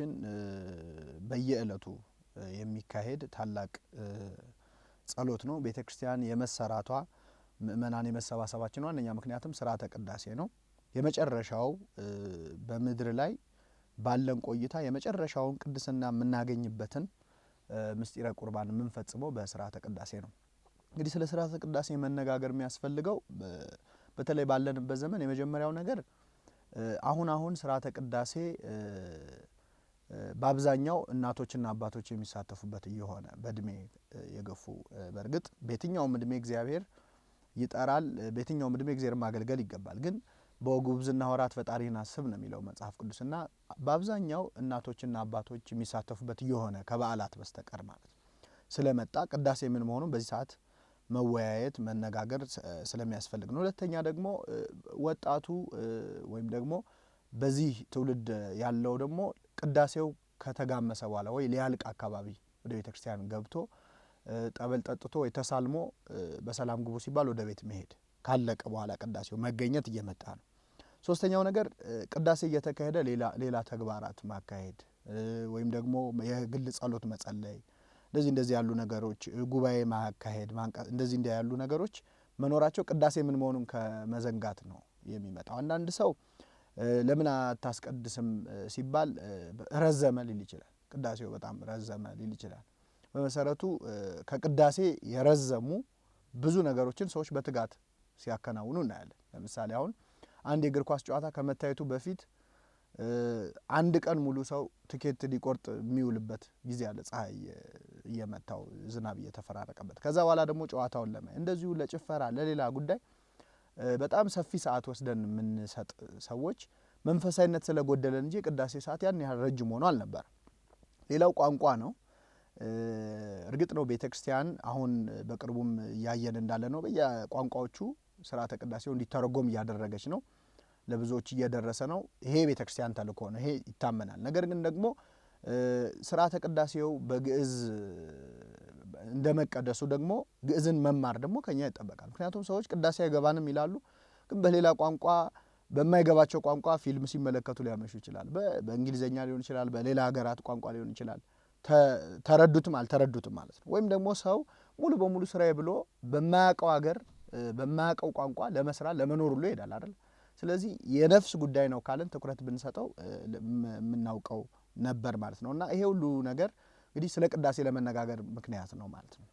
በሀገራችን በየእለቱ የሚካሄድ ታላቅ ጸሎት ነው። ቤተ ክርስቲያን የመሰራቷ ምእመናን የመሰባሰባችን ዋነኛ ምክንያትም ስርዓተ ቅዳሴ ነው። የመጨረሻው በምድር ላይ ባለን ቆይታ የመጨረሻውን ቅድስና የምናገኝበትን ምስጢረ ቁርባን የምንፈጽመው በስርዓተ ቅዳሴ ነው። እንግዲህ ስለ ስርዓተ ቅዳሴ መነጋገር የሚያስፈልገው በተለይ ባለንበት ዘመን የመጀመሪያው ነገር አሁን አሁን ስርዓተ ቅዳሴ በአብዛኛው እናቶችና አባቶች የሚሳተፉበት እየሆነ በእድሜ የገፉ በእርግጥ በየትኛውም እድሜ እግዚአብሔር ይጠራል። በየትኛውም እድሜ እግዚአብሔር ማገልገል ይገባል። ግን በጉብዝና ወራት ፈጣሪን አስብ ነው የሚለው መጽሐፍ ቅዱስና በአብዛኛው እናቶችና አባቶች የሚሳተፉበት እየሆነ ከበዓላት በስተቀር ማለት ስለመጣ ቅዳሴ ምን መሆኑን በዚህ ሰዓት መወያየት መነጋገር ስለሚያስፈልግ ነው። ሁለተኛ ደግሞ ወጣቱ ወይም ደግሞ በዚህ ትውልድ ያለው ደግሞ ቅዳሴው ከተጋመሰ በኋላ ወይ ሊያልቅ አካባቢ ወደ ቤተ ክርስቲያን ገብቶ ጠበል ጠጥቶ ወይ ተሳልሞ በሰላም ግቡ ሲባል ወደ ቤት መሄድ ካለቀ በኋላ ቅዳሴው መገኘት እየመጣ ነው። ሶስተኛው ነገር ቅዳሴ እየተካሄደ ሌላ ተግባራት ማካሄድ ወይም ደግሞ የግል ጸሎት መጸለይ፣ እንደዚህ እንደዚህ ያሉ ነገሮች ጉባኤ ማካሄድ፣ እንደዚህ እንዲ ያሉ ነገሮች መኖራቸው ቅዳሴ ምን መሆኑን ከመዘንጋት ነው የሚመጣው። አንዳንድ ሰው ለምን አታስቀድስም ሲባል ረዘመ ሊል ይችላል። ቅዳሴው በጣም ረዘመ ሊል ይችላል። በመሰረቱ ከቅዳሴ የረዘሙ ብዙ ነገሮችን ሰዎች በትጋት ሲያከናውኑ እናያለን። ለምሳሌ አሁን አንድ የእግር ኳስ ጨዋታ ከመታየቱ በፊት አንድ ቀን ሙሉ ሰው ትኬት ሊቆርጥ የሚውልበት ጊዜ አለ። ፀሐይ እየመታው ዝናብ እየተፈራረቀበት ከዛ በኋላ ደግሞ ጨዋታውን ለማየት እንደዚሁ ለጭፈራ ለሌላ ጉዳይ በጣም ሰፊ ሰዓት ወስደን የምንሰጥ ሰዎች መንፈሳዊነት ስለጎደለን እንጂ ቅዳሴ ሰዓት ያን ያህል ረጅም ሆኖ አልነበር። ሌላው ቋንቋ ነው። እርግጥ ነው ቤተ ክርስቲያን አሁን በቅርቡም እያየን እንዳለ ነው ቋንቋዎቹ ስርዓተ ቅዳሴው እንዲተረጎም እያደረገች ነው፣ ለብዙዎች እየደረሰ ነው። ይሄ ቤተክርስቲያን ክርስቲያን ተልእኮ ነው፣ ይሄ ይታመናል። ነገር ግን ደግሞ ስርዓተ ቅዳሴው በግዕዝ እንደ መቀደሱ ደግሞ ግዕዝን መማር ደግሞ ከኛ ይጠበቃል። ምክንያቱም ሰዎች ቅዳሴ አይገባንም ይላሉ፣ ግን በሌላ ቋንቋ በማይገባቸው ቋንቋ ፊልም ሲመለከቱ ሊያመሹ ይችላል። በእንግሊዝኛ ሊሆን ይችላል፣ በሌላ ሀገራት ቋንቋ ሊሆን ይችላል። ተረዱትም አልተረዱትም ማለት ነው። ወይም ደግሞ ሰው ሙሉ በሙሉ ስራዬ ብሎ በማያውቀው ሀገር በማያውቀው ቋንቋ ለመስራት ለመኖር ብሎ ይሄዳል አይደል? ስለዚህ የነፍስ ጉዳይ ነው ካለን ትኩረት ብንሰጠው የምናውቀው ነበር ማለት ነው እና ይሄ ሁሉ ነገር እንግዲህ ስለ ቅዳሴ ለመነጋገር ምክንያት ነው ማለት ነው።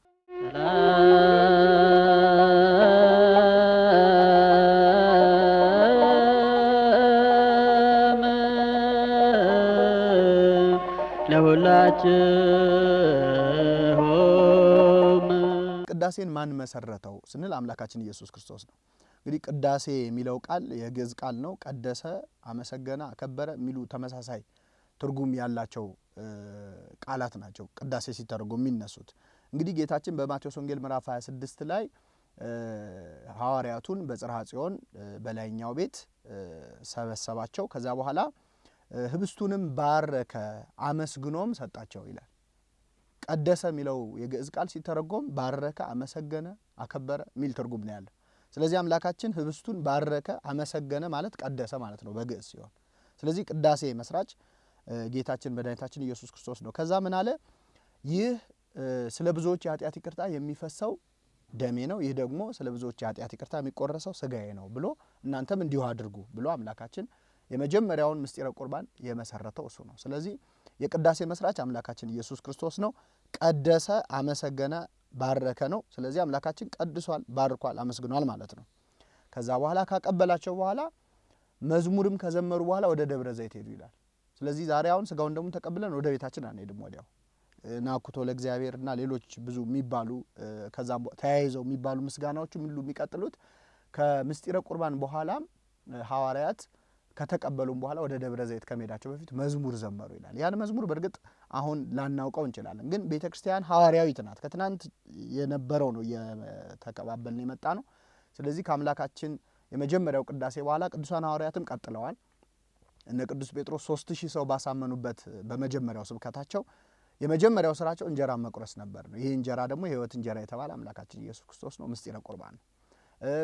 ቅዳሴን ማን መሰረተው ስንል አምላካችን ኢየሱስ ክርስቶስ ነው። እንግዲህ ቅዳሴ የሚለው ቃል የግዕዝ ቃል ነው። ቀደሰ፣ አመሰገነ፣ አከበረ የሚሉ ተመሳሳይ ትርጉም ያላቸው ቃላት ናቸው ቅዳሴ ሲተረጎም የሚነሱት። እንግዲህ ጌታችን በማቴዎስ ወንጌል ምዕራፍ 26 ላይ ሐዋርያቱን በጽርሐ ጽዮን በላይኛው ቤት ሰበሰባቸው። ከዛ በኋላ ህብስቱንም ባረከ አመስግኖም ሰጣቸው ይላል። ቀደሰ የሚለው የግዕዝ ቃል ሲተረጎም ባረከ፣ አመሰገነ፣ አከበረ የሚል ትርጉም ነው ያለው። ስለዚህ አምላካችን ህብስቱን ባረከ አመሰገነ ማለት ቀደሰ ማለት ነው በግዕዝ ሲሆን ስለዚህ ቅዳሴ መስራች ጌታችን መድኃኒታችን ኢየሱስ ክርስቶስ ነው። ከዛ ምን አለ? ይህ ስለ ብዙዎች የኃጢአት ይቅርታ የሚፈሰው ደሜ ነው፣ ይህ ደግሞ ስለ ብዙዎች የኃጢአት ይቅርታ የሚቆረሰው ስጋዬ ነው ብሎ እናንተም እንዲሁ አድርጉ ብሎ አምላካችን የመጀመሪያውን ምስጢረ ቁርባን የመሰረተው እሱ ነው። ስለዚህ የቅዳሴ መስራች አምላካችን ኢየሱስ ክርስቶስ ነው። ቀደሰ፣ አመሰገነ፣ ባረከ ነው። ስለዚህ አምላካችን ቀድሷል፣ ባርኳል፣ አመስግኗል ማለት ነው። ከዛ በኋላ ካቀበላቸው በኋላ መዝሙርም ከዘመሩ በኋላ ወደ ደብረ ዘይት ሄዱ ይላል። ስለዚህ ዛሬ አሁን ስጋውን ደግሞ ተቀብለን ወደ ቤታችን አንሄድም። ወዲያው ናኩቶ ለእግዚአብሔር እና ሌሎች ብዙ የሚባሉ ከዛም ተያይዘው የሚባሉ ምስጋናዎቹ ሁሉ የሚቀጥሉት ከምስጢረ ቁርባን በኋላም ሐዋርያት ከተቀበሉም በኋላ ወደ ደብረ ዘይት ከመሄዳቸው በፊት መዝሙር ዘመሩ ይላል። ያን መዝሙር በእርግጥ አሁን ላናውቀው እንችላለን፣ ግን ቤተ ክርስቲያን ሐዋርያዊት ናት። ከትናንት የነበረው ነው እየተቀባበልን የመጣ ነው። ስለዚህ ከአምላካችን የመጀመሪያው ቅዳሴ በኋላ ቅዱሳን ሐዋርያትም ቀጥለዋል። እነ ቅዱስ ጴጥሮስ ሶስት ሺህ ሰው ባሳመኑበት በመጀመሪያው ስብከታቸው የመጀመሪያው ስራቸው እንጀራ መቁረስ ነበር ነው። ይህ እንጀራ ደግሞ የህይወት እንጀራ የተባለ አምላካችን ኢየሱስ ክርስቶስ ነው። ምስጢረ ቁርባን ነው።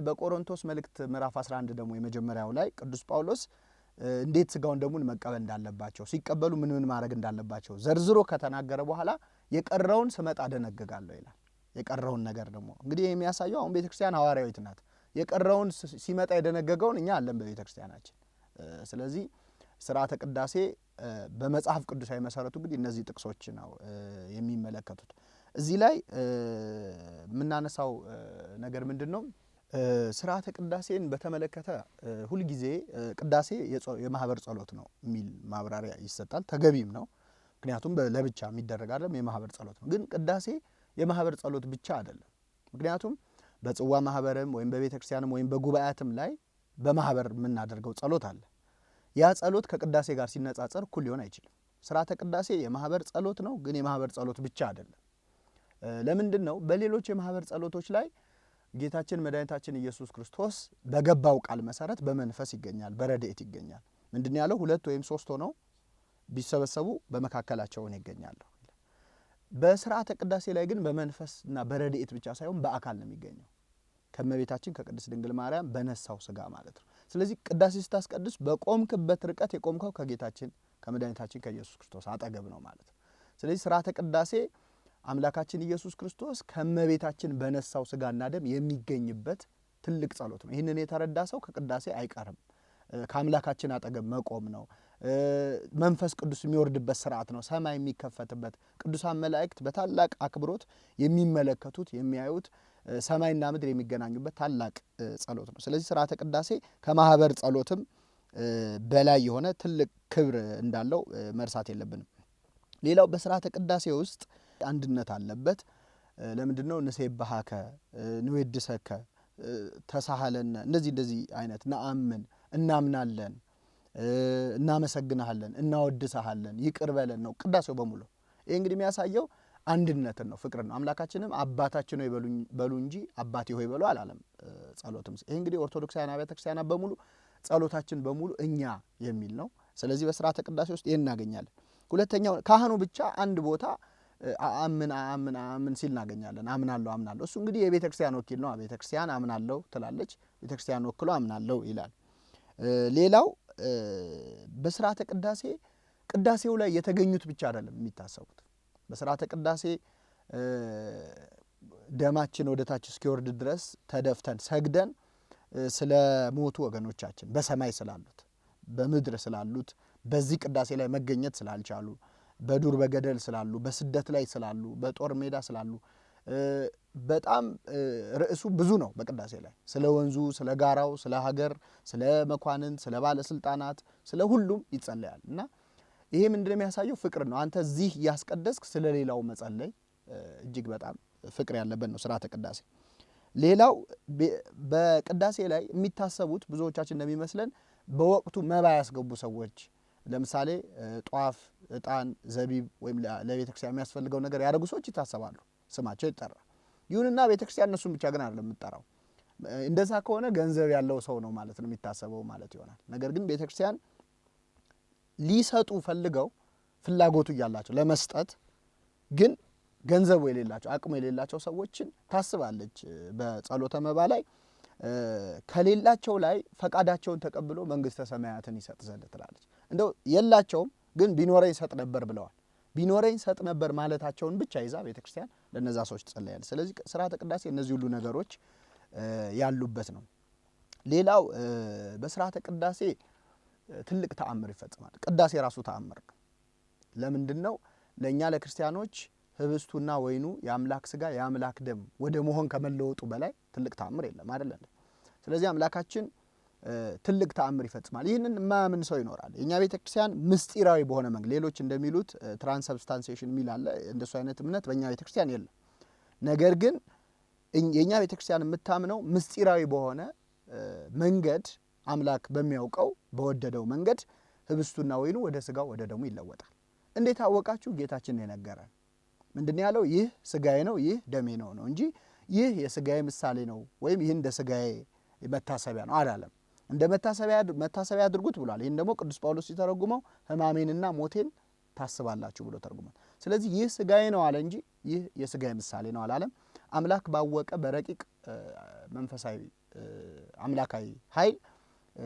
በቆሮንቶስ መልእክት ምዕራፍ 11 ደግሞ የመጀመሪያው ላይ ቅዱስ ጳውሎስ እንዴት ስጋውን ደሙን መቀበል እንዳለባቸው ሲቀበሉ ምን ምን ማድረግ እንዳለባቸው ዘርዝሮ ከተናገረ በኋላ የቀረውን ስመጣ አደነግጋለሁ ይላል። የቀረውን ነገር ደግሞ እንግዲህ የሚያሳየው አሁን ቤተክርስቲያን ሐዋርያዊት ናት። የቀረውን ሲመጣ የደነገገውን እኛ አለን በቤተክርስቲያናችን። ስለዚህ ስርዓተ ቅዳሴ በመጽሐፍ ቅዱሳዊ መሰረቱ እንግዲህ እነዚህ ጥቅሶች ነው የሚመለከቱት። እዚህ ላይ የምናነሳው ነገር ምንድን ነው? ስርዓተ ቅዳሴን በተመለከተ ሁልጊዜ ቅዳሴ የማህበር ጸሎት ነው የሚል ማብራሪያ ይሰጣል። ተገቢም ነው። ምክንያቱም ለብቻ የሚደረግ አይደለም፣ የማህበር ጸሎት ነው። ግን ቅዳሴ የማህበር ጸሎት ብቻ አይደለም። ምክንያቱም በጽዋ ማህበርም ወይም በቤተ ክርስቲያንም ወይም በጉባኤያትም ላይ በማህበር የምናደርገው ጸሎት አለ። ያ ጸሎት ከቅዳሴ ጋር ሲነጻጸር እኩል ሊሆን አይችልም። ስርዓተ ቅዳሴ የማህበር ጸሎት ነው፣ ግን የማህበር ጸሎት ብቻ አይደለም። ለምንድን ነው? በሌሎች የማህበር ጸሎቶች ላይ ጌታችን መድኃኒታችን ኢየሱስ ክርስቶስ በገባው ቃል መሰረት በመንፈስ ይገኛል፣ በረድኤት ይገኛል። ምንድን ያለው? ሁለት ወይም ሶስት ሆነው ቢሰበሰቡ በመካከላቸው እኔ እገኛለሁ። በስርዓተ ቅዳሴ ላይ ግን በመንፈስና በረድኤት ብቻ ሳይሆን በአካል ነው የሚገኘው ከእመቤታችን ከቅድስት ድንግል ማርያም በነሳው ስጋ ማለት ነው። ስለዚህ ቅዳሴ ስታስቀድስ በቆምክበት ርቀት የቆምከው ከጌታችን ከመድኃኒታችን ከኢየሱስ ክርስቶስ አጠገብ ነው ማለት ነው። ስለዚህ ስርዓተ ቅዳሴ አምላካችን ኢየሱስ ክርስቶስ ከመቤታችን በነሳው ስጋና ደም የሚገኝበት ትልቅ ጸሎት ነው። ይህንን የተረዳ ሰው ከቅዳሴ አይቀርም። ከአምላካችን አጠገብ መቆም ነው። መንፈስ ቅዱስ የሚወርድበት ስርዓት ነው። ሰማይ የሚከፈትበት ቅዱሳን መላእክት በታላቅ አክብሮት የሚመለከቱት የሚያዩት ሰማይና ምድር የሚገናኙበት ታላቅ ጸሎት ነው። ስለዚህ ስርዓተ ቅዳሴ ከማህበር ጸሎትም በላይ የሆነ ትልቅ ክብር እንዳለው መርሳት የለብንም። ሌላው በስርዓተ ቅዳሴ ውስጥ አንድነት አለበት። ለምንድን ነው ንሴብሐከ ንዌድሰከ ተሳሃለነ እንደዚህ እንደዚህ አይነት ነአምን እናምናለን፣ እናመሰግናሃለን፣ እናወድሰሃለን፣ ይቅር በለን ነው ቅዳሴው በሙሉ። ይህ እንግዲህ የሚያሳየው አንድነትን ነው፣ ፍቅርን ነው። አምላካችንም አባታችን ሆይ በሉ እንጂ አባቴ ሆይ በሉ አላለም። ጸሎትም ይህ እንግዲህ ኦርቶዶክሳውያን አብያተ ክርስቲያናት በሙሉ ጸሎታችን በሙሉ እኛ የሚል ነው። ስለዚህ በስርዓተ ቅዳሴ ውስጥ ይህን እናገኛለን። ሁለተኛው ካህኑ ብቻ አንድ ቦታ አምን አምን አምን ሲል እናገኛለን። አምናለሁ አምናለሁ። እሱ እንግዲህ የቤተ ክርስቲያን ወኪል ነው። ቤተ ክርስቲያን አምናለሁ ትላለች፣ ቤተ ክርስቲያን ወክሎ አምናለሁ ይላል። ሌላው በስርዓተ ቅዳሴ ቅዳሴው ላይ የተገኙት ብቻ አይደለም የሚታሰቡት በስርዓተ ቅዳሴ ደማችን ወደ ታች እስኪወርድ ድረስ ተደፍተን ሰግደን ስለ ሞቱ ወገኖቻችን በሰማይ ስላሉት በምድር ስላሉት በዚህ ቅዳሴ ላይ መገኘት ስላልቻሉ በዱር በገደል ስላሉ በስደት ላይ ስላሉ በጦር ሜዳ ስላሉ በጣም ርዕሱ ብዙ ነው። በቅዳሴ ላይ ስለ ወንዙ፣ ስለ ጋራው፣ ስለ ሀገር፣ ስለ መኳንን፣ ስለ ባለስልጣናት፣ ስለ ሁሉም ይጸለያል እና ይሄ ምንድን የሚያሳየው ፍቅር ነው። አንተ እዚህ እያስቀደስክ ስለ ሌላው መጸለይ እጅግ በጣም ፍቅር ያለበት ነው ስርዓተ ቅዳሴ። ሌላው በቅዳሴ ላይ የሚታሰቡት ብዙዎቻችን እንደሚመስለን በወቅቱ መባ ያስገቡ ሰዎች ለምሳሌ ጧፍ፣ እጣን፣ ዘቢብ ወይም ለቤተክርስቲያን የሚያስፈልገው ነገር ያደረጉ ሰዎች ይታሰባሉ፣ ስማቸው ይጠራ። ይሁንና ቤተክርስቲያን እነሱን ብቻ ግን አይደለም የምጠራው። እንደዛ ከሆነ ገንዘብ ያለው ሰው ነው ማለት ነው የሚታሰበው ማለት ይሆናል። ነገር ግን ቤተክርስቲያን። ሊሰጡ ፈልገው ፍላጎቱ እያላቸው ለመስጠት ግን ገንዘቡ የሌላቸው አቅሙ የሌላቸው ሰዎችን ታስባለች በጸሎተ መባ ላይ ከሌላቸው ላይ ፈቃዳቸውን ተቀብሎ መንግስተ ሰማያትን ይሰጥ ዘንድ ትላለች። እንደው የላቸውም ግን ቢኖረኝ ሰጥ ነበር ብለዋል። ቢኖረኝ ሰጥ ነበር ማለታቸውን ብቻ ይዛ ቤተ ክርስቲያን ለነዛ ሰዎች ትጸለያል። ስለዚህ ስርዓተ ቅዳሴ እነዚህ ሁሉ ነገሮች ያሉበት ነው። ሌላው በስርዓተ ቅዳሴ ትልቅ ተአምር ይፈጽማል። ቅዳሴ የራሱ ተአምር ነው። ለምንድን ነው? ለእኛ ለክርስቲያኖች ህብስቱና ወይኑ የአምላክ ስጋ የአምላክ ደም ወደ መሆን ከመለወጡ በላይ ትልቅ ተአምር የለም አይደለ? ስለዚህ አምላካችን ትልቅ ተአምር ይፈጽማል። ይህንን የማያምን ሰው ይኖራል። የእኛ ቤተ ክርስቲያን ምስጢራዊ በሆነ መንገድ ሌሎች እንደሚሉት ትራንስብስታንሴሽን የሚል አለ። እንደሱ አይነት እምነት በእኛ ቤተ ክርስቲያን የለም። ነገር ግን የእኛ ቤተ ክርስቲያን የምታምነው ምስጢራዊ በሆነ መንገድ አምላክ በሚያውቀው በወደደው መንገድ ህብስቱና ወይኑ ወደ ስጋው ወደ ደሙ ይለወጣል። እንዴት አወቃችሁ? ጌታችን የነገረን ምንድን ያለው? ይህ ስጋዬ ነው፣ ይህ ደሜ ነው ነው እንጂ ይህ የስጋዬ ምሳሌ ነው ወይም ይህ እንደ ስጋዬ መታሰቢያ ነው አላለም። እንደ መታሰቢያ አድርጉት ብሏል። ይህን ደግሞ ቅዱስ ጳውሎስ ሲተረጉመው ህማሜንና ሞቴን ታስባላችሁ ብሎ ተርጉሟል። ስለዚህ ይህ ስጋዬ ነው አለ እንጂ ይህ የስጋዬ ምሳሌ ነው አላለም። አምላክ ባወቀ በረቂቅ መንፈሳዊ አምላካዊ ኃይል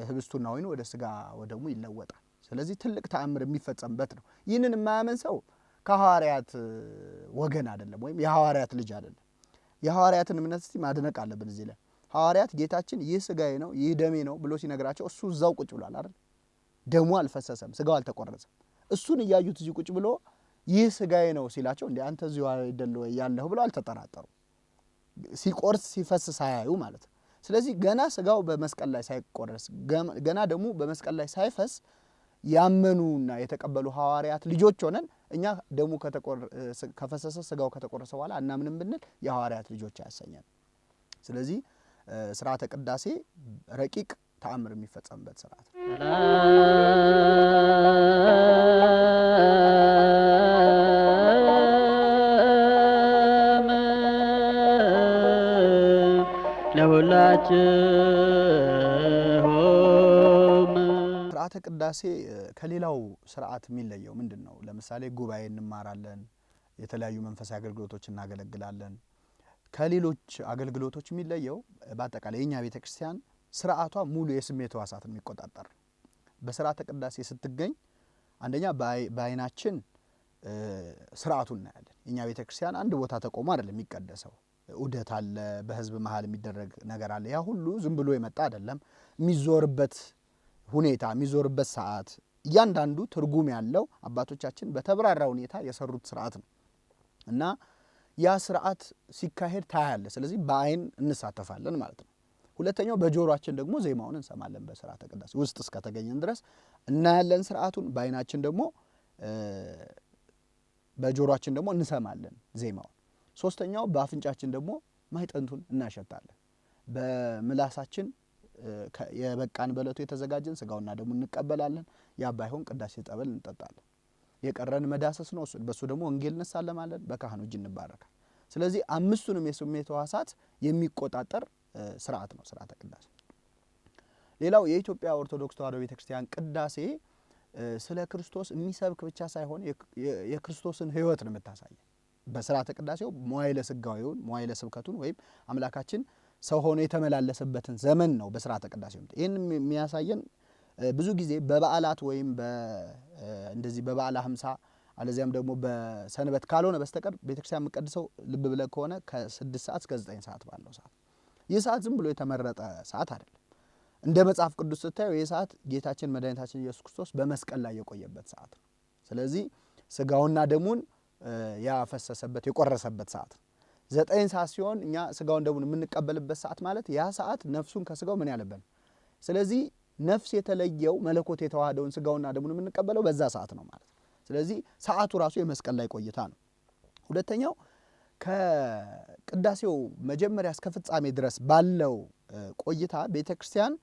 ህብስቱና ወይኑ ወደ ስጋ ወደሙ ይለወጣል። ስለዚህ ትልቅ ተአምር የሚፈጸምበት ነው። ይህንን የማያምን ሰው ከሐዋርያት ወገን አይደለም፣ ወይም የሐዋርያት ልጅ አይደለም። የሐዋርያትን እምነት እስቲ ማድነቅ አለብን። እዚህ ላይ ሐዋርያት ጌታችን ይህ ስጋዬ ነው ይህ ደሜ ነው ብሎ ሲነግራቸው እሱ እዛው ቁጭ ብሏል አይደል? ደሙ አልፈሰሰም፣ ስጋው አልተቆረሰም። እሱን እያዩት እዚህ ቁጭ ብሎ ይህ ስጋዬ ነው ሲላቸው እንዲ አንተ እዚሁ አይደል ያለሁ ብሎ አልተጠራጠሩ። ሲቆርስ ሲፈስ ሳያዩ ማለት ነው። ስለዚህ ገና ስጋው በመስቀል ላይ ሳይቆረስ ገና ደግሞ በመስቀል ላይ ሳይፈስ ያመኑና የተቀበሉ ሐዋርያት ልጆች ሆነን እኛ ደሙ ከፈሰሰ ስጋው ከተቆረሰ በኋላ አናምንም ብንል የሐዋርያት ልጆች አያሰኘን። ስለዚህ ስርዓተ ቅዳሴ ረቂቅ ተአምር የሚፈጸምበት ስርዓት ስርዓተ ቅዳሴ ከሌላው ስርዓት የሚለየው ምንድን ነው? ለምሳሌ ጉባኤ እንማራለን፣ የተለያዩ መንፈሳዊ አገልግሎቶች እናገለግላለን። ከሌሎች አገልግሎቶች የሚለየው በአጠቃላይ የኛ ቤተ ክርስቲያን ስርዓቷ ሙሉ የስሜት ህዋሳትን የሚቆጣጠር በስርዓተ ቅዳሴ ስትገኝ አንደኛ በአይናችን ስርዓቱ እናያለን። የእኛ ቤተ ክርስቲያን አንድ ቦታ ተቆሞ አይደለም የሚቀደሰው ውደት አለ፣ በህዝብ መሀል የሚደረግ ነገር አለ። ያ ሁሉ ዝም ብሎ የመጣ አይደለም። የሚዞርበት ሁኔታ የሚዞርበት ሰዓት እያንዳንዱ ትርጉም ያለው አባቶቻችን በተብራራ ሁኔታ የሰሩት ስርዓት ነው እና ያ ስርዓት ሲካሄድ ታያለ። ስለዚህ በአይን እንሳተፋለን ማለት ነው። ሁለተኛው በጆሮአችን ደግሞ ዜማውን እንሰማለን። በስርዓተ ቅዳሴ ውስጥ እስከተገኘን ድረስ እናያለን ስርዓቱን፣ በአይናችን ደግሞ በጆሯችን ደግሞ እንሰማለን ዜማው። ሶስተኛው በአፍንጫችን ደግሞ ማይጠንቱን እናሸታለን። በምላሳችን የበቃን በለቱ የተዘጋጀን ስጋውና ደግሞ እንቀበላለን። ያ ባይሆን ቅዳሴ ጠበል እንጠጣለን። የቀረን መዳሰስ ነው። በእሱ ደግሞ ወንጌል እንሳለማለን፣ በካህኑ እጅ እንባረካል። ስለዚህ አምስቱንም የስሜት ህዋሳት የሚቆጣጠር ስርዓት ነው ስርዓተ ቅዳሴ። ሌላው የኢትዮጵያ ኦርቶዶክስ ተዋህዶ ቤተ ክርስቲያን ቅዳሴ ስለ ክርስቶስ የሚሰብክ ብቻ ሳይሆን የክርስቶስን ህይወት ነው የምታሳየን። በስርዓተ ቅዳሴው መዋይለ ስጋዊውን መዋይለ ስብከቱን ወይም አምላካችን ሰው ሆኖ የተመላለሰበትን ዘመን ነው በስርዓተ ቅዳሴው። ይህን የሚያሳየን ብዙ ጊዜ በበዓላት ወይም እንደዚህ በበዓለ ሀምሳ አለዚያም ደግሞ በሰንበት ካልሆነ በስተቀር ቤተክርስቲያን የምቀድሰው ልብ ብለህ ከሆነ ከስድስት ሰዓት እስከ ዘጠኝ ሰዓት ባለው ሰዓት። ይህ ሰዓት ዝም ብሎ የተመረጠ ሰዓት አይደለም። እንደ መጽሐፍ ቅዱስ ስታየው ይህ ሰዓት ጌታችን መድኃኒታችን ኢየሱስ ክርስቶስ በመስቀል ላይ የቆየበት ሰዓት ነው። ስለዚህ ስጋውና ደሙን ያፈሰሰበት የቆረሰበት ሰዓት ዘጠኝ ሰዓት ሲሆን እኛ ስጋውን ደሙን የምንቀበልበት ሰዓት ማለት ያ ሰዓት ነፍሱን ከስጋው ምን ነው። ስለዚህ ነፍስ የተለየው መለኮት የተዋህደውን ስጋውና ደሙን የምንቀበለው በዛ ሰዓት ነው ማለት ነው። ስለዚህ ሰዓቱ ራሱ የመስቀል ላይ ቆይታ ነው። ሁለተኛው ከቅዳሴው መጀመሪያ እስከ ፍጻሜ ድረስ ባለው ቆይታ ቤተ ክርስቲያን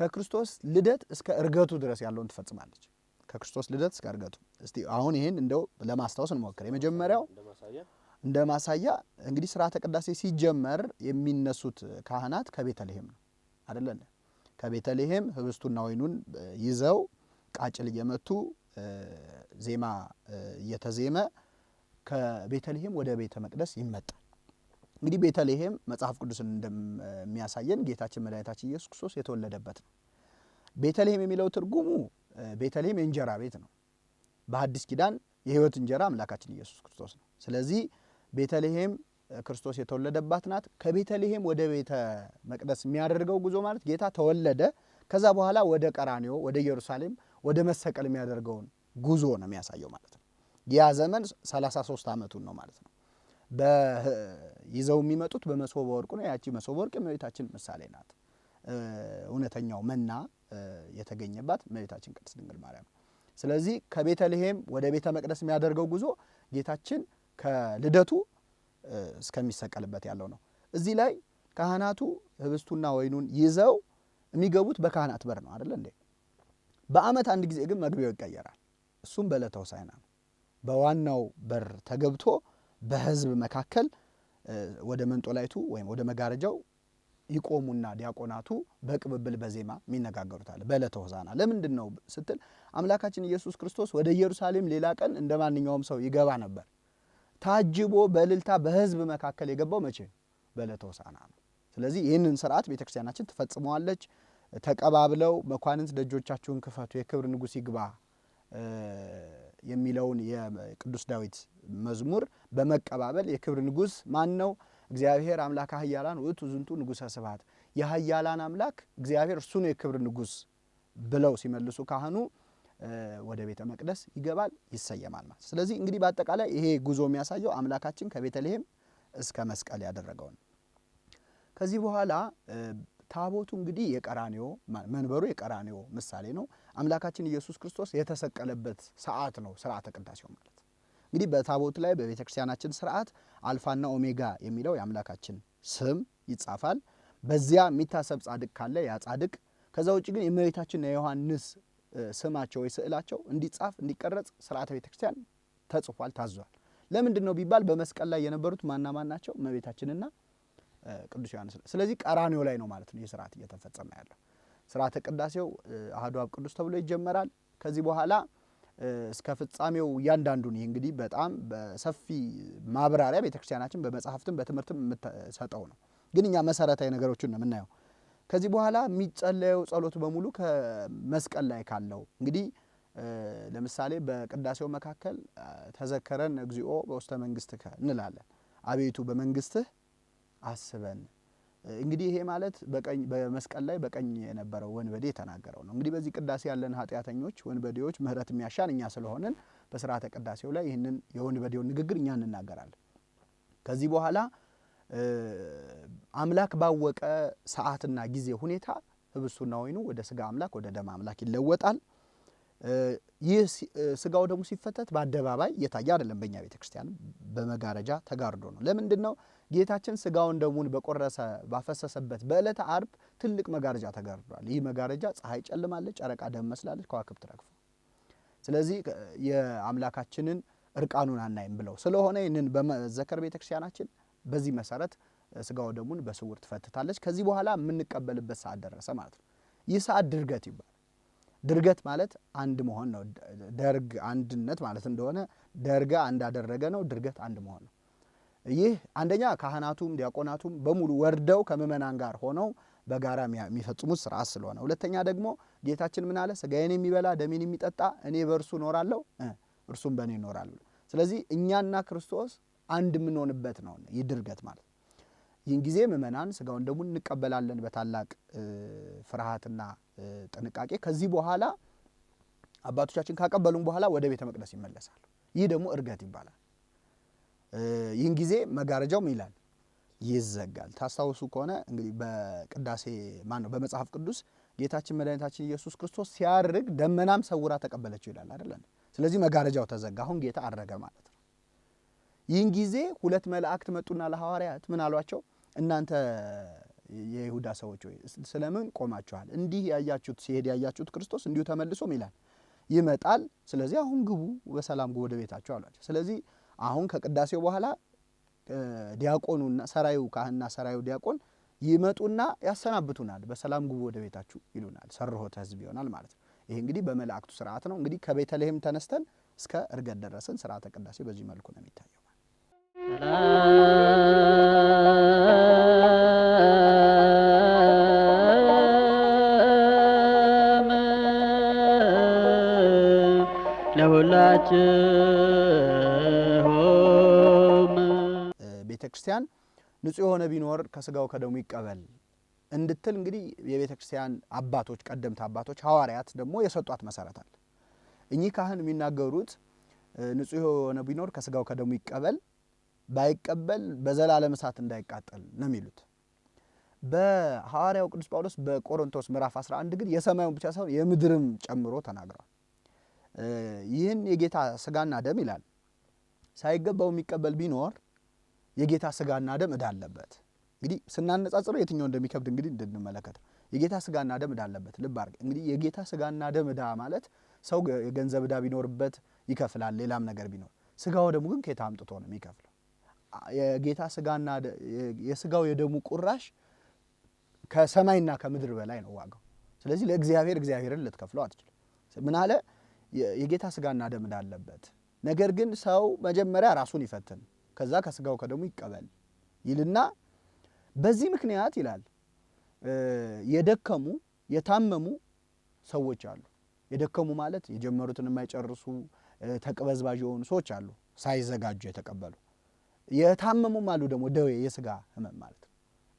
ከክርስቶስ ልደት እስከ እርገቱ ድረስ ያለውን ትፈጽማለች። ከክርስቶስ ልደት እስከ እርገቱ። እስቲ አሁን ይሄን እንደው ለማስታወስ እንሞክር። የመጀመሪያው እንደ ማሳያ እንግዲህ ስርዓተ ቅዳሴ ሲጀመር የሚነሱት ካህናት ከቤተልሔም ነው አደለን? ከቤተልሔም ህብስቱና ወይኑን ይዘው ቃጭል እየመቱ ዜማ እየተዜመ ከቤተልሔም ወደ ቤተ መቅደስ ይመጣል። እንግዲህ ቤተልሔም መጽሐፍ ቅዱስን እንደሚያሳየን ጌታችን መድኃኒታችን ኢየሱስ ክርስቶስ የተወለደበት ነው። ቤተልሔም የሚለው ትርጉሙ ቤተልሔም የእንጀራ ቤት ነው። በሐዲስ ኪዳን የህይወት እንጀራ አምላካችን ኢየሱስ ክርስቶስ ነው። ስለዚህ ቤተልሔም ክርስቶስ የተወለደባት ናት። ከቤተልሔም ወደ ቤተ መቅደስ የሚያደርገው ጉዞ ማለት ጌታ ተወለደ፣ ከዛ በኋላ ወደ ቀራኒዮ፣ ወደ ኢየሩሳሌም፣ ወደ መሰቀል የሚያደርገውን ጉዞ ነው የሚያሳየው ማለት ነው። ያ ዘመን 33 ዓመቱን ነው ማለት ነው። ይዘው የሚመጡት በመሶበ ወርቁ ነው። ያቺ መሶበ ወርቅ የመቤታችን ምሳሌ ናት። እውነተኛው መና የተገኘባት እመቤታችን ቅድስት ድንግል ማርያም ነው። ስለዚህ ከቤተልሔም ወደ ቤተ መቅደስ የሚያደርገው ጉዞ ጌታችን ከልደቱ እስከሚሰቀልበት ያለው ነው። እዚህ ላይ ካህናቱ ህብስቱና ወይኑን ይዘው የሚገቡት በካህናት በር ነው አደለ እንዴ? በዓመት አንድ ጊዜ ግን መግቢያው ይቀየራል። እሱም በዕለተ ሆሳዕና ነው። በዋናው በር ተገብቶ በህዝብ መካከል ወደ መንጦላይቱ ወይም ወደ መጋረጃው ይቆሙና ዲያቆናቱ በቅብብል በዜማ የሚነጋገሩት አለ። በዕለተ ሆሳዕና ለምንድን ነው ስትል አምላካችን ኢየሱስ ክርስቶስ ወደ ኢየሩሳሌም ሌላ ቀን እንደ ማንኛውም ሰው ይገባ ነበር። ታጅቦ በእልልታ በህዝብ መካከል የገባው መቼ? በዕለተ ሆሳዕና ነው። ስለዚህ ይህንን ስርዓት ቤተክርስቲያናችን ትፈጽመዋለች። ተቀባብለው መኳንንት ደጆቻችሁን ክፈቱ፣ የክብር ንጉሥ ይግባ የሚለውን የቅዱስ ዳዊት መዝሙር በመቀባበል የክብር ንጉሥ ማን ነው እግዚአብሔር አምላክ አህያላን ውእቱ ዝንቱ ንጉሰ ስብሐት፣ የኃያላን አምላክ እግዚአብሔር እሱ ነው የክብር ንጉስ ብለው ሲመልሱ ካህኑ ወደ ቤተ መቅደስ ይገባል፣ ይሰየማል ማለት። ስለዚህ እንግዲህ በአጠቃላይ ይሄ ጉዞ የሚያሳየው አምላካችን ከቤተልሔም እስከ መስቀል ያደረገውን። ከዚህ በኋላ ታቦቱ እንግዲህ የቀራንዮ መንበሩ የቀራንዮ ምሳሌ ነው። አምላካችን ኢየሱስ ክርስቶስ የተሰቀለበት ሰዓት ነው ስርዓተ ቅዳሴው ማለት እንግዲህ በታቦት ላይ በቤተክርስቲያናችን ስርዓት አልፋና ኦሜጋ የሚለው የአምላካችን ስም ይጻፋል። በዚያ የሚታሰብ ጻድቅ ካለ ያ ጻድቅ ከዛ ውጭ ግን የእመቤታችን የዮሐንስ ስማቸው ወይ ስዕላቸው እንዲጻፍ እንዲቀረጽ ስርዓተ ቤተክርስቲያን ተጽፏል፣ ታዟል። ለምንድን ነው ቢባል በመስቀል ላይ የነበሩት ማና ማን ናቸው? እመቤታችንና ቅዱስ ዮሐንስ። ስለዚህ ቀራኔው ላይ ነው ማለት ነው ይህ ስርዓት እየተፈጸመ ያለው። ስርዓተ ቅዳሴው አሐዱ አብ ቅዱስ ተብሎ ይጀመራል። ከዚህ በኋላ እስከ ፍጻሜው እያንዳንዱን ይህ እንግዲህ በጣም በሰፊ ማብራሪያ ቤተክርስቲያናችን በመጽሐፍትም በትምህርትም የምትሰጠው ነው። ግን እኛ መሰረታዊ ነገሮችን ነው የምናየው። ከዚህ በኋላ የሚጸለየው ጸሎት በሙሉ ከመስቀል ላይ ካለው እንግዲህ ለምሳሌ በቅዳሴው መካከል ተዘከረን እግዚኦ በውስተ መንግስትከ እንላለን። አቤቱ በመንግስትህ አስበን እንግዲህ ይሄ ማለት በቀኝ በመስቀል ላይ በቀኝ የነበረው ወንበዴ የተናገረው ነው። እንግዲህ በዚህ ቅዳሴ ያለን ኃጢአተኞች ወንበዴዎች ምሕረት የሚያሻን እኛ ስለሆንን በስርዓተ ቅዳሴው ላይ ይህንን የወንበዴውን ንግግር እኛ እንናገራለን። ከዚህ በኋላ አምላክ ባወቀ ሰዓትና ጊዜ ሁኔታ ህብስቱና ወይኑ ወደ ስጋ አምላክ ወደ ደም አምላክ ይለወጣል። ይህ ስጋው ደግሞ ሲፈተት በአደባባይ እየታየ አይደለም። በእኛ ቤተ ክርስቲያን በመጋረጃ ተጋርዶ ነው። ለምንድን ነው? ጌታችን ስጋውን ደሙን በቆረሰ ባፈሰሰበት በዕለተ አርብ ትልቅ መጋረጃ ተጋርዷል። ይህ መጋረጃ ፀሐይ ጨልማለች፣ ጨረቃ ደም መስላለች፣ ከዋክብት ረግፎ ስለዚህ የአምላካችንን እርቃኑን አናይም ብለው ስለሆነ ይህንን በመዘከር ቤተ ክርስቲያናችን በዚህ መሰረት ስጋው ደሙን በስውር ትፈትታለች። ከዚህ በኋላ የምንቀበልበት ሰዓት ደረሰ ማለት ነው። ይህ ሰዓት ድርገት ይባላል። ድርገት ማለት አንድ መሆን ነው። ደርግ አንድነት ማለት እንደሆነ ደርገ አንድ አደረገ ነው። ድርገት አንድ መሆን ነው። ይህ አንደኛ ካህናቱም ዲያቆናቱም በሙሉ ወርደው ከምእመናን ጋር ሆነው በጋራ የሚፈጽሙት ስርዓት ስለሆነ፣ ሁለተኛ ደግሞ ጌታችን ምን አለ? ስጋዬን የሚበላ ደሜን የሚጠጣ እኔ በእርሱ እኖራለሁ እርሱም በእኔ ይኖራል ስለዚህ እኛና ክርስቶስ አንድ የምንሆንበት ነው ይህ ድርገት ማለት። ይህን ጊዜ ምእመናን ስጋውን ደግሞ እንቀበላለን በታላቅ ፍርሃትና ጥንቃቄ። ከዚህ በኋላ አባቶቻችን ካቀበሉን በኋላ ወደ ቤተ መቅደስ ይመለሳሉ። ይህ ደግሞ እርገት ይባላል። ይህን ጊዜ መጋረጃውም ይላል ይዘጋል። ታስታውሱ ከሆነ እንግዲህ በቅዳሴ ማን ነው በመጽሐፍ ቅዱስ ጌታችን መድኃኒታችን ኢየሱስ ክርስቶስ ሲያርግ ደመናም ሰውራ ተቀበለችው ይላል አይደለም። ስለዚህ መጋረጃው ተዘጋ። አሁን ጌታ አረገ ማለት ነው። ይህን ጊዜ ሁለት መላእክት መጡና ለሐዋርያት ምን አሏቸው? እናንተ የይሁዳ ሰዎች ወይ ስለምን ቆማችኋል? እንዲህ ያያችሁት ሲሄድ ያያችሁት ክርስቶስ እንዲሁ ተመልሶም ይላል ይመጣል። ስለዚህ አሁን ግቡ፣ በሰላም ግቡ ወደ ቤታችሁ አሏቸው። ስለዚህ አሁን ከቅዳሴው በኋላ ዲያቆኑና ሰራዩ ካህንና ሰራዩ ዲያቆን ይመጡና ያሰናብቱናል። በሰላም ግቡ ወደ ቤታችሁ ይሉናል። ሰርሆተ ህዝብ ይሆናል ማለት ነው። ይሄ እንግዲህ በመላእክቱ ስርዓት ነው። እንግዲህ ከቤተልሔም ተነስተን እስከ እርገት ደረስን። ስርዓተ ቅዳሴ በዚህ መልኩ ነው የሚታየው። ለሁላችን ክርስቲያን ንጹህ የሆነ ቢኖር ከስጋው ከደሙ ይቀበል እንድትል እንግዲህ የቤተ ክርስቲያን አባቶች ቀደምት አባቶች ሐዋርያት ደግሞ የሰጧት መሰረታል። እኚህ ካህን የሚናገሩት ንጹህ የሆነ ቢኖር ከስጋው ከደሙ ይቀበል ባይቀበል በዘላለም እሳት እንዳይቃጠል ነው የሚሉት። በሐዋርያው ቅዱስ ጳውሎስ በቆሮንቶስ ምዕራፍ 11 ግን የሰማዩን ብቻ ሳይሆን የምድርም ጨምሮ ተናግሯል። ይህን የጌታ ስጋና ደም ይላል ሳይገባው የሚቀበል ቢኖር የጌታ ስጋና ደም እዳ አለበት። እንግዲህ ስናነጻጽረው የትኛው እንደሚከብድ እንግዲህ እንድንመለከት የጌታ ስጋና ደም እዳ አለበት። ልብ አድርግ እንግዲህ የጌታ ስጋና ደም እዳ ማለት ሰው የገንዘብ እዳ ቢኖርበት ይከፍላል፣ ሌላም ነገር ቢኖር፣ ስጋው ደሙ ግን ከየት አምጥቶ ነው የሚከፍለው? የጌታ ስጋና የስጋው የደሙ ቁራሽ ከሰማይና ከምድር በላይ ነው ዋጋው። ስለዚህ ለእግዚአብሔር እግዚአብሔርን ልትከፍለው አትችልም። ምን አለ? የጌታ ስጋና ደም እዳ አለበት። ነገር ግን ሰው መጀመሪያ ራሱን ይፈትን ከዛ ከስጋው ከደሙ ይቀበል ይልና በዚህ ምክንያት ይላል የደከሙ የታመሙ ሰዎች አሉ። የደከሙ ማለት የጀመሩትን የማይጨርሱ ተቅበዝባዥ የሆኑ ሰዎች አሉ፣ ሳይዘጋጁ የተቀበሉ። የታመሙም አሉ ደግሞ ደዌ የስጋ ህመም ማለት ነው።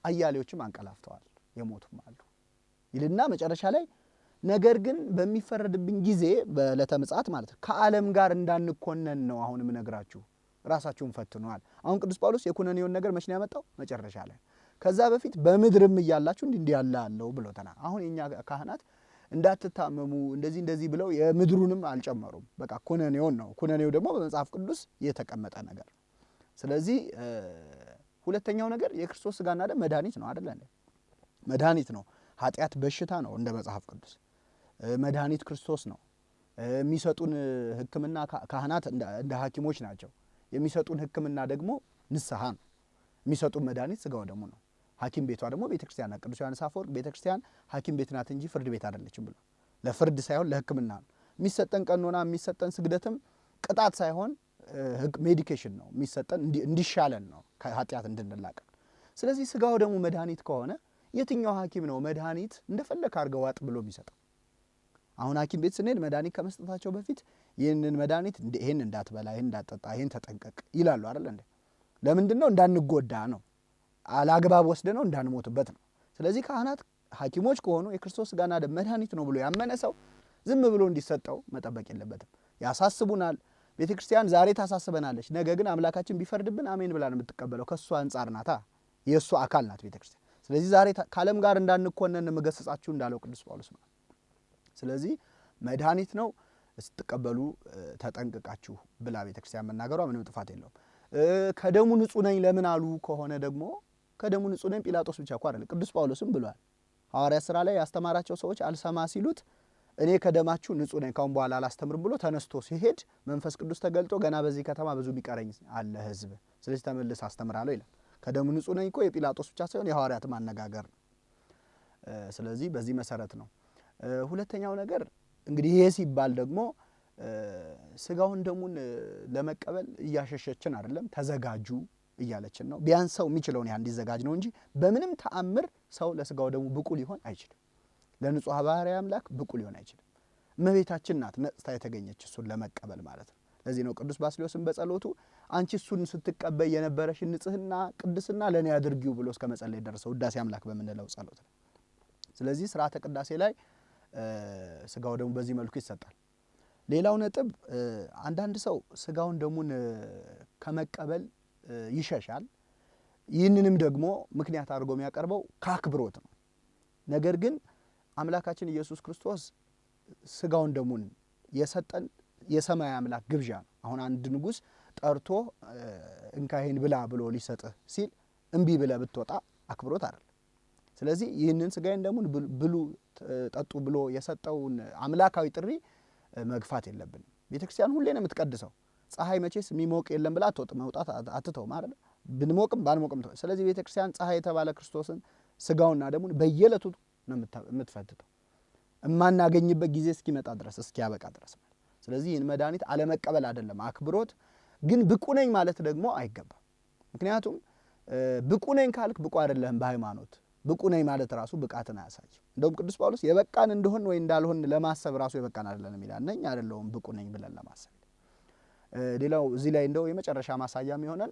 አያሌዎችም አንቀላፍተዋል የሞቱም አሉ ይልና መጨረሻ ላይ ነገር ግን በሚፈረድብኝ ጊዜ በዕለተ ምጽአት ማለት ነው ከዓለም ጋር እንዳንኮነን ነው አሁን ነግራችሁ ራሳችሁን ፈትነዋል። አሁን ቅዱስ ጳውሎስ የኩነኔውን ነገር መቼ ነው ያመጣው? መጨረሻ ላይ። ከዛ በፊት በምድርም እያላችሁ እንዲህ ያለ አለው ብሎተናል። አሁን የኛ ካህናት እንዳትታመሙ እንደዚህ እንደዚህ ብለው የምድሩንም አልጨመሩም። በቃ ኩነኔውን ነው። ኩነኔው ደግሞ በመጽሐፍ ቅዱስ የተቀመጠ ነገር ስለዚህ ሁለተኛው ነገር የክርስቶስ ስጋና ደም መድኃኒት ነው አደለ? መድኃኒት ነው። ኃጢአት በሽታ ነው እንደ መጽሐፍ ቅዱስ መድኃኒት ክርስቶስ ነው። የሚሰጡን ሕክምና ካህናት እንደ ሐኪሞች ናቸው። የሚሰጡን ህክምና ደግሞ ንስሐ ነው። የሚሰጡን መድኃኒት ስጋው ደግሞ ነው። ሐኪም ቤቷ ደግሞ ቤተ ክርስቲያን ናት። ቅዱስ ዮሐንስ አፈወርቅ ቤተ ክርስቲያን ሐኪም ቤት ናት እንጂ ፍርድ ቤት አይደለችም ብሎ ለፍርድ ሳይሆን ለህክምና ነው የሚሰጠን። ቀኖና የሚሰጠን ስግደትም ቅጣት ሳይሆን ሜዲኬሽን ነው የሚሰጠን፣ እንዲሻለን ነው ከኃጢአት እንድንላቀቅ። ስለዚህ ስጋው ደግሞ መድኃኒት ከሆነ የትኛው ሐኪም ነው መድኃኒት እንደፈለክ አድርገህ ዋጥ ብሎ የሚሰጠው? አሁን ሐኪም ቤት ስንሄድ መድኃኒት ከመስጠታቸው በፊት ይህንን መድኃኒት ይህን እንዳትበላ፣ ይህን እንዳጠጣ፣ ይህን ተጠንቀቅ ይላሉ አይደል እንዴ? ለምንድን ነው? እንዳንጎዳ ነው። አላግባብ ወስደ ነው እንዳንሞትበት ነው። ስለዚህ ካህናት ሐኪሞች ከሆኑ የክርስቶስ ሥጋና ደም መድኃኒት ነው ብሎ ያመነ ሰው ዝም ብሎ እንዲሰጠው መጠበቅ የለበትም። ያሳስቡናል። ቤተ ክርስቲያን ዛሬ ታሳስበናለች፣ ነገ ግን አምላካችን ቢፈርድብን አሜን ብላ የምትቀበለው። ከእሱ አንጻር ናታ፣ የእሱ አካል ናት ቤተ ክርስቲያን። ስለዚህ ዛሬ ከዓለም ጋር እንዳንኮነን የምገስጻችሁ እንዳለው ቅዱስ ጳውሎስ ነው። ስለዚህ መድኃኒት ነው ስትቀበሉ ተጠንቅቃችሁ ብላ ቤተክርስቲያን መናገሯ ምንም ጥፋት የለውም። ከደሙ ንጹህ ነኝ ለምን አሉ ከሆነ ደግሞ ከደሙ ንጹህ ነኝ ጲላጦስ ብቻ እኮ ቅዱስ ጳውሎስም ብሏል። ሐዋርያ ስራ ላይ ያስተማራቸው ሰዎች አልሰማ ሲሉት እኔ ከደማችሁ ንጹህ ነኝ ካሁን በኋላ አላስተምርም ብሎ ተነስቶ ሲሄድ መንፈስ ቅዱስ ተገልጦ ገና በዚህ ከተማ ብዙ የሚቀረኝ አለ ህዝብ፣ ስለዚህ ተመልስ አስተምራለሁ ይላል። ከደሙ ንጹህ ነኝ እኮ የጲላጦስ ብቻ ሳይሆን የሐዋርያትም አነጋገር ነው። ስለዚህ በዚህ መሰረት ነው ሁለተኛው ነገር እንግዲህ ይሄ ሲባል ደግሞ ስጋውን ደሙን ለመቀበል እያሸሸችን አይደለም፣ ተዘጋጁ እያለችን ነው። ቢያንስ ሰው የሚችለውን ያህል እንዲዘጋጅ ነው እንጂ በምንም ተአምር ሰው ለስጋው ደሙ ብቁ ሊሆን አይችልም። ለንጹሐ ባህርይ አምላክ ብቁ ሊሆን አይችልም። እመቤታችን ናት ነጽታ የተገኘች እሱን ለመቀበል ማለት ነው። ለዚህ ነው ቅዱስ ባስሌዎስን በጸሎቱ አንቺ እሱን ስትቀበይ የነበረሽን ንጽህና፣ ቅድስና ለእኔ አድርጊው ብሎ እስከ መጸለይ ደረሰው። ውዳሴ አምላክ በምንለው ጸሎት ነው። ስለዚህ ስርዓተ ቅዳሴ ላይ ስጋው ደግሞ በዚህ መልኩ ይሰጣል። ሌላው ነጥብ አንዳንድ ሰው ስጋውን ደሙን ከመቀበል ይሸሻል። ይህንንም ደግሞ ምክንያት አድርጎ የሚያቀርበው ከአክብሮት ነው። ነገር ግን አምላካችን ኢየሱስ ክርስቶስ ስጋውን ደሙን የሰጠን የሰማይ አምላክ ግብዣ ነው። አሁን አንድ ንጉሥ ጠርቶ እንካሄን ብላ ብሎ ሊሰጥህ ሲል እምቢ ብለህ ብትወጣ አክብሮት አይደለም። ስለዚህ ይህንን ስጋዬን ደሙን ብሉ ጠጡ ብሎ የሰጠውን አምላካዊ ጥሪ መግፋት የለብንም። ቤተ ክርስቲያን ሁሌ ነው የምትቀድሰው። ፀሐይ መቼስ የሚሞቅ የለም ብላ አትወጥ መውጣት አትተው ማለት ብንሞቅም ባንሞቅም። ስለዚህ ቤተ ክርስቲያን ፀሐይ የተባለ ክርስቶስን ስጋውና ደሙን በየዕለቱ ነው የምትፈትተው እማናገኝበት ጊዜ እስኪመጣ ድረስ እስኪያበቃ ድረስ ስለዚህ ይህን መድኃኒት አለመቀበል አይደለም አክብሮት፣ ግን ብቁ ነኝ ማለት ደግሞ አይገባም። ምክንያቱም ብቁ ነኝ ካልክ ብቁ አይደለህም በሃይማኖት ብቁ ነኝ ማለት ራሱ ብቃትን አያሳይም። እንደውም ቅዱስ ጳውሎስ የበቃን እንደሆን ወይ እንዳልሆን ለማሰብ ራሱ የበቃን አይደለንም ይላል። ነኝ አይደለሁም ብቁ ነኝ ብለን ለማሰብ ሌላው እዚህ ላይ እንደው የመጨረሻ ማሳያም የሆነን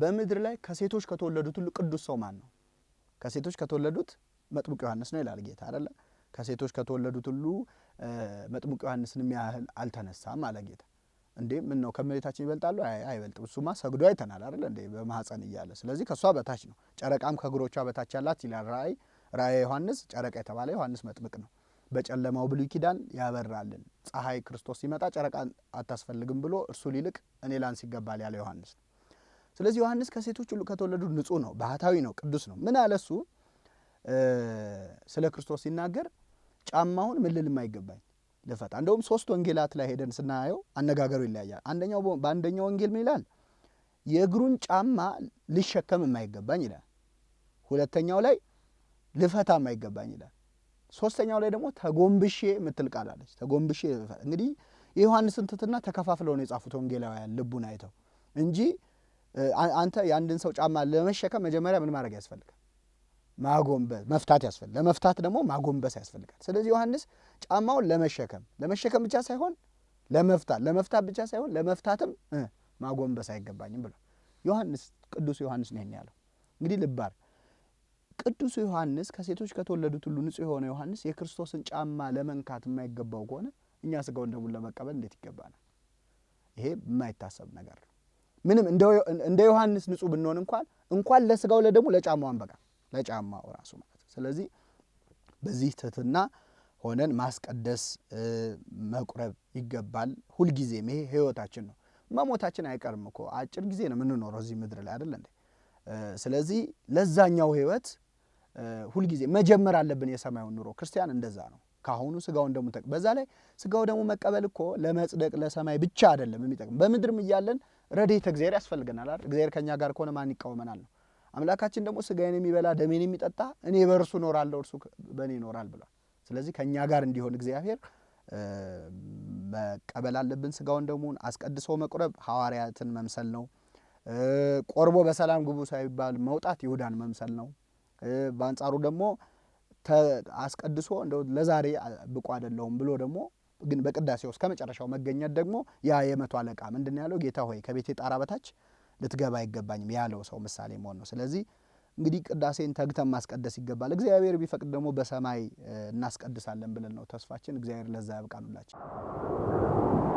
በምድር ላይ ከሴቶች ከተወለዱት ሁሉ ቅዱስ ሰው ማን ነው? ከሴቶች ከተወለዱት መጥምቅ ዮሐንስ ነው ይላል ጌታ አይደለ? ከሴቶች ከተወለዱት ሁሉ መጥምቅ ዮሐንስንም ያህል አልተነሳም አለ ጌታ። እንዴ ምን ነው ከእመቤታችን ይበልጣሉ? አይበልጥም። እሱማ ሰግዶ አይተናል አይደል እንዴ በማህፀን እያለ። ስለዚህ ከእሷ በታች ነው። ጨረቃም ከእግሮቿ በታች ያላት ይላል ራእይ ራእየ ዮሐንስ ጨረቃ የተባለ ዮሐንስ መጥምቅ ነው። በጨለማው ብሉይ ኪዳን ያበራልን ፀሐይ ክርስቶስ ሲመጣ ጨረቃ አታስፈልግም ብሎ እርሱ ሊልቅ እኔ ላንስ ይገባል ያለ ዮሐንስ ስለዚህ ዮሐንስ ከሴቶች ሁሉ ከተወለዱ ንጹህ ነው፣ ባህታዊ ነው፣ ቅዱስ ነው። ምን አለ እሱ ስለ ክርስቶስ ሲናገር ጫማውን ምልል የማይገባኝ ልፈታ። እንደውም ሶስት ወንጌላት ላይ ሄደን ስናየው አነጋገሩ ይለያያል። አንደኛው በአንደኛው ወንጌል ምን ይላል? የእግሩን ጫማ ልሸከም የማይገባኝ ይላል። ሁለተኛው ላይ ልፈታ የማይገባኝ ይላል። ሶስተኛው ላይ ደግሞ ተጎንብሼ የምትል ቃል አለች። ተጎንብሼ እንግዲህ የዮሐንስን ትትና ተከፋፍለው ነው የጻፉት ወንጌላውያን ልቡን አይተው እንጂ አንተ የአንድን ሰው ጫማ ለመሸከም መጀመሪያ ምን ማድረግ ያስፈልጋል? ማጎንበስ መፍታት ያስፈል ለመፍታት ደግሞ ማጎንበስ ያስፈልጋል። ስለዚህ ዮሐንስ ጫማውን ለመሸከም ለመሸከም ብቻ ሳይሆን ለመፍታት ለመፍታት ብቻ ሳይሆን ለመፍታትም ማጎንበስ አይገባኝም ብሏል ዮሐንስ። ቅዱስ ዮሐንስ ነው ያለው። እንግዲህ ልባር ቅዱስ ዮሐንስ ከሴቶች ከተወለዱት ሁሉ ንጹሕ የሆነ ዮሐንስ የክርስቶስን ጫማ ለመንካት የማይገባው ከሆነ እኛ ስጋውን ደሙን ለመቀበል እንዴት ይገባናል? ይሄ የማይታሰብ ነገር ነው። ምንም እንደ ዮሐንስ ንጹሕ ብንሆን እንኳን እንኳን ለስጋው ለደሙ ለጫማው አንበቃ ለጫማው ራሱ ማለት ነው። ስለዚህ በዚህ ትህትና ሆነን ማስቀደስ መቁረብ ይገባል። ሁልጊዜ ይሄ ህይወታችን ነው። መሞታችን አይቀርም እኮ አጭር ጊዜ ነው የምንኖረው እዚህ ምድር ላይ አይደል እንዴ? ስለዚህ ለዛኛው ህይወት ሁልጊዜ መጀመር አለብን የሰማዩን ኑሮ። ክርስቲያን እንደዛ ነው። ከአሁኑ ስጋውን ደግሞ በዛ ላይ ስጋው ደግሞ መቀበል እኮ ለመጽደቅ ለሰማይ ብቻ አይደለም የሚጠቅም፣ በምድርም እያለን ረድኤተ እግዚአብሔር ያስፈልገናል። እግዚአብሔር ከእኛ ጋር ከሆነ ማን ይቃወመናል ነው አምላካችን ደግሞ ስጋዬን የሚበላ ደሜን የሚጠጣ እኔ በእርሱ እኖራለሁ እርሱ በእኔ ይኖራል ብሏል። ስለዚህ ከእኛ ጋር እንዲሆን እግዚአብሔር መቀበል አለብን። ስጋውን ደሙን አስቀድሶ መቁረብ ሐዋርያትን መምሰል ነው። ቆርቦ በሰላም ግቡ ሳይባል መውጣት ይሁዳን መምሰል ነው። በአንጻሩ ደግሞ አስቀድሶ እንደው ለዛሬ ብቁ አይደለሁም ብሎ ደግሞ ግን በቅዳሴ ውስጥ ከመጨረሻው መገኘት ደግሞ ያ የመቶ አለቃ ምንድን ያለው ጌታ ሆይ ከቤቴ ጣራ በታች ልትገባ አይገባኝም ያለው ሰው ምሳሌ መሆን ነው። ስለዚህ እንግዲህ ቅዳሴን ተግተን ማስቀደስ ይገባል። እግዚአብሔር ቢፈቅድ ደግሞ በሰማይ እናስቀድሳለን ብለን ነው ተስፋችን። እግዚአብሔር ለዛ ያብቃን